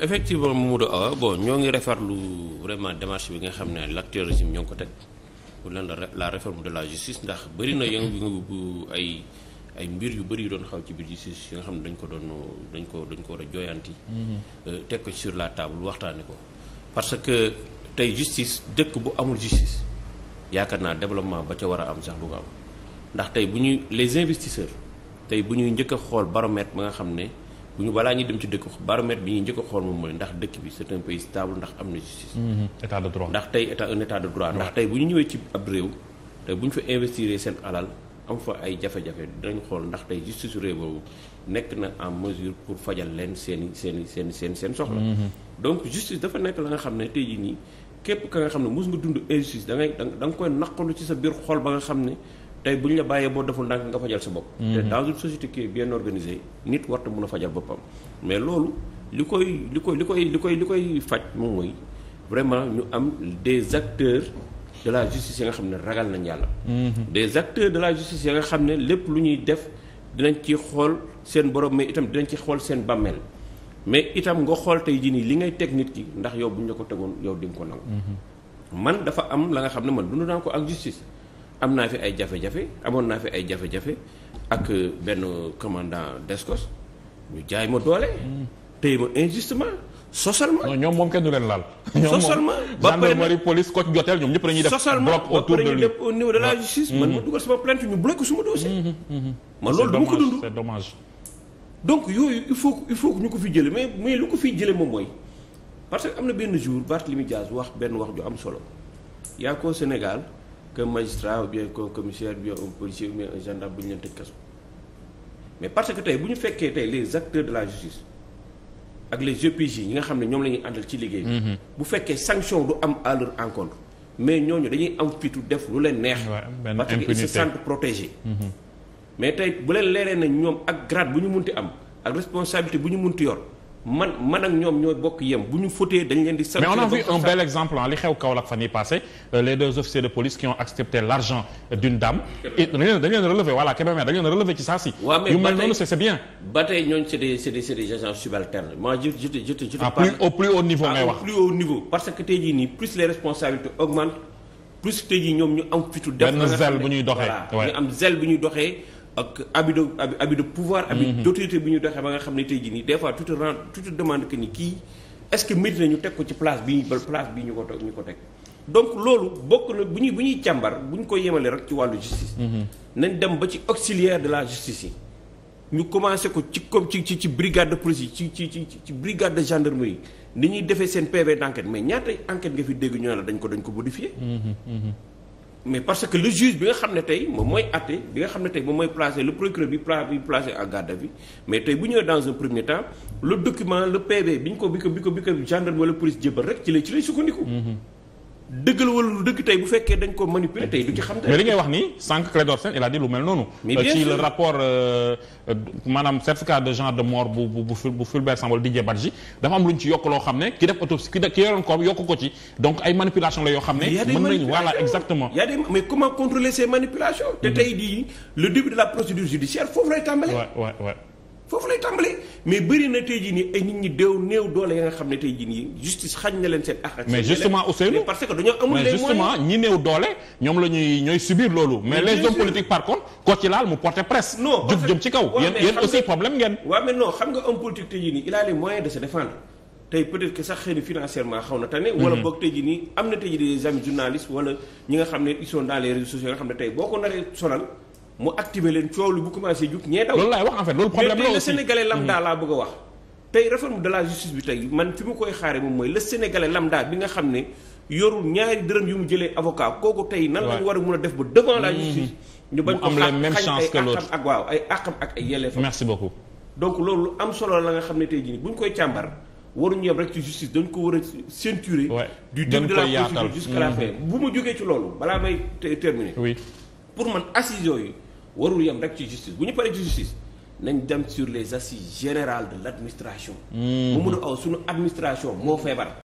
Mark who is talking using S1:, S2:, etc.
S1: effectivement Mamadou Awa bon ñoo ngi rafetlu vraiment démarche bi nga xam ne l'actuel régime ñoo ngi ko teg pour lan la réforme de la justice ndax bëri na yëngu-yëngu ay ay mbir yu bëri yu doon xaw ci biir justice yi nga xam ne dañ ko doon dañ ko dañ ko war a jooyanti. Mhm. Euh, teg ko sur la table waxtaane ko parce que tey justice dëkk bu amul justice yaakaar naa développement ba ca war a am sax du ko am ndax tey bu ñuy les investisseurs tey bu ñuy njëkk xool baromètre ba nga xam ne. bu ñu balaa ñuy dem ci dëkk baromètre bi ñuy njëkk a xool moom mooy ndax dëkk bi c'est un pays stable ndax am na justice. Mm-hmm. état de droit ndax tey état un état de droit. ndax tey bu ñu ñëwee ci ab réew. tey bu ñu fa investir seen alal am fa ay jafe-jafe dinañ xool ndax tey justice réew boobu nekk na en mesure pour fajal leen seen i seen i seen seen seen soxla. Mm-hmm. donc justice dafa nekk la nga xam ne tey jii nii képp ka nga xam ne mos nga dund injustice da ngay da nga koy naqalu ci sa biir xol ba nga xam ne. tey bu ñu la bàyyee boo deful ndànk nga fajal sa bopp. Mhm. te dans une société qui bien organisée nit war na a fajal boppam. mais loolu li koy li koy li koy li koy li koy faj moom mooy vraiment ñu am des acteurs de la justice ya nga xam ne ragal nañ yàlla. Mhm. des acteurs de la justice ya nga xam ne lépp lu ñuy def dinañ ci xool seen borom mais itam dinañ ci xool seen bàmmeel. mais itam nga xool tey jii nii li ngay teg nit ki ndax yow bu ñu la ko tegoon yow di ko nangu. Mhm. man dafa am la nga xam ne man dund naa ko ak justice. am naa fi ay jafe-jafe amoon naa fi ay jafe-jafe ak benn commandant d'escorte ñu jaay ma doole. tey ma injustement sosal ma. non ñoom moom kenn du leen laal. sosal ma ba pare gendarmerie police ko jotel ñoom ñëpp dañuy def. sosal ma ba pare ñu def au niveau de la justice. ma mm-hmm. dugal sama plainte mm-hmm. Mm-hmm. loolu dama ko dund c'est donc yooyu il faut il faut que ñu ko fi jële mais mais lu ko fiy jële moom mooy parce que am na benn jour Barthélémy Dias wax benn wax ju am solo yaa ko Sénégal. qu'un magistrat ou bien qu'un commissaire ou bien un policier ou bien un gendarme bu ñu leen tëj kaso mais parce que tey bu ñu fekkee tey les acteurs de la justice ak les GPJ e ñi nga xam ne ñoom la àndal ci liggéey bi mm-hmm. bu fekkee sanction du am à leur encontre mais ñooñu dañuy am fitu def lu leen neex parce que ils se sentent protégés mm-hmm. mais tey bu leen leeree na ñoom ak grade bu ñu munti am ak responsabilité bu ñu munti yor man man ak ñoom ñooy bokk yem bu ñu fotee dañ leen di. mais on a vu un bel
S2: exemple li xew Kaolack fan yii passé euh, les deux officiers de police qui ont accepté l' argent d'une dame. et leen dañ leen relever voilà Kébémer leen relever ci saa si. yu mel noonu c'est bien.
S1: ba tey ñooñu c'est des c'est des c'est des agents subalternes ah, parce que tey jii nii plus les responsabilités augmentent plus tey jii ñoom ñu am. fitu def benn zèle bu ñuy doxee ñu am zèle bu ñuy ak abus de abus de pouvoir. abus mhm. d'autorité bi ñu doxee ba nga xam ne tey jii nii des fois tu te rends tu te demandes que ni kii est-ce nañu teg ko ci place bi place bi ñu ko ñu ko teg. donc loolu bokk na bu ñuy bu ñuy càmbar bu ñu ko yemalee rek ci wàllu justice. Mhm. nañ dem ba ci auxiliaire de la justice yi. ñu commencé ko ci comme ci ci ci brigade de police yi ci ci ci ci brigade de gendarmerie ni ñuy defee seen PV d'enquête mais ñaata enquête nga fi dégg ñu ne la dañ ko dañ ko modifié.
S2: Mhm,
S1: mais parce que le juge bi nga xam ne tey moom mooy àtte bi nga xam ne tey moom mooy placé le procureur bi pla bi placé en mais tey bu ñëwee dans un premier temps le document le PV bi ñu ko bi ko bi ko bi ko gendarme wala police jébbal rek ci lay ci lay sukkandiku. Mm-hmm. dëgg la wala lu dëgg tey bu fekkee dañ ko manipuler tey du ci xam. mais li ngay wax
S2: ni sànq Clédor Sène il a dit lu mel noonu. ci le rapport euh, maanaam certificat de genre de mort bu bu bu Fulbert Sambol Didier dafa am lu ñu ci yokk loo xam ne ki def autopsie ki ki yoroon koom yokk ko ci donc ay manipulation la yoo xam ne. mën nañu voilà
S1: exactement. y a des mais comment contrôler ces manipulations. te mm-hmm. tey di le début de la procédure judiciaire foofu lay tàmbalee. waaw waaw waaw foofu lay tàmbalee mais bëri na tey jii nii ay nit ñi deew néew doole ya nga xam ne tey jii nii justice xañ na leen seen ak mais justement Ousseynou parce que dañoo amul les moyens mais justement
S2: ñi néew doole ñoom la ñuy ñooy subir loolu. mais les hommes politiques par contre ko ci laal mu porter presse.
S1: non jug jëm ci kaw yéen aussi problème ngeen. waaw mais non xam nga homme politique tey nii il a les de se défendre. tey peut-être que sax xëy financièrement xaw na tane. wala mhm. boog tey na tey jii des nga xam ne ils sont dans les tey boo ko naree sonal mu activer leen coow lu bu commencé jug ñee daw. loolu laay wax en fait loolu problème la aussi mais le sénégalais hmm. laa bëgg a wax. tey réforme de la justice bi tey man fi ma koy xaaree moom mooy le sénégalais lambda bi nga xam ne yorul ñaari dërëm yu mu jëlee avocat kooku tey. nan lañu war a mun a def ba devant la hmm. justice. ñu bañ ko xañ ay àqam ak waaw ay àqam ak ay yelleefam. merci beaucoup. donc loolu am solo la nga xam ne tey jii bu ñu koy càmbar waruñu yem rek ci justice dañ ko war a ceinturer. du début de la procédure jusqu'à la hmm. fin bu ma jógee ci loolu balaa may terminer. oui pour man assises yooyu warul yem rek ci justice bu ñu paree ci justice nañ dem sur les assis générales de l' administration. Hmm. mu aw suñu administration moo feebar.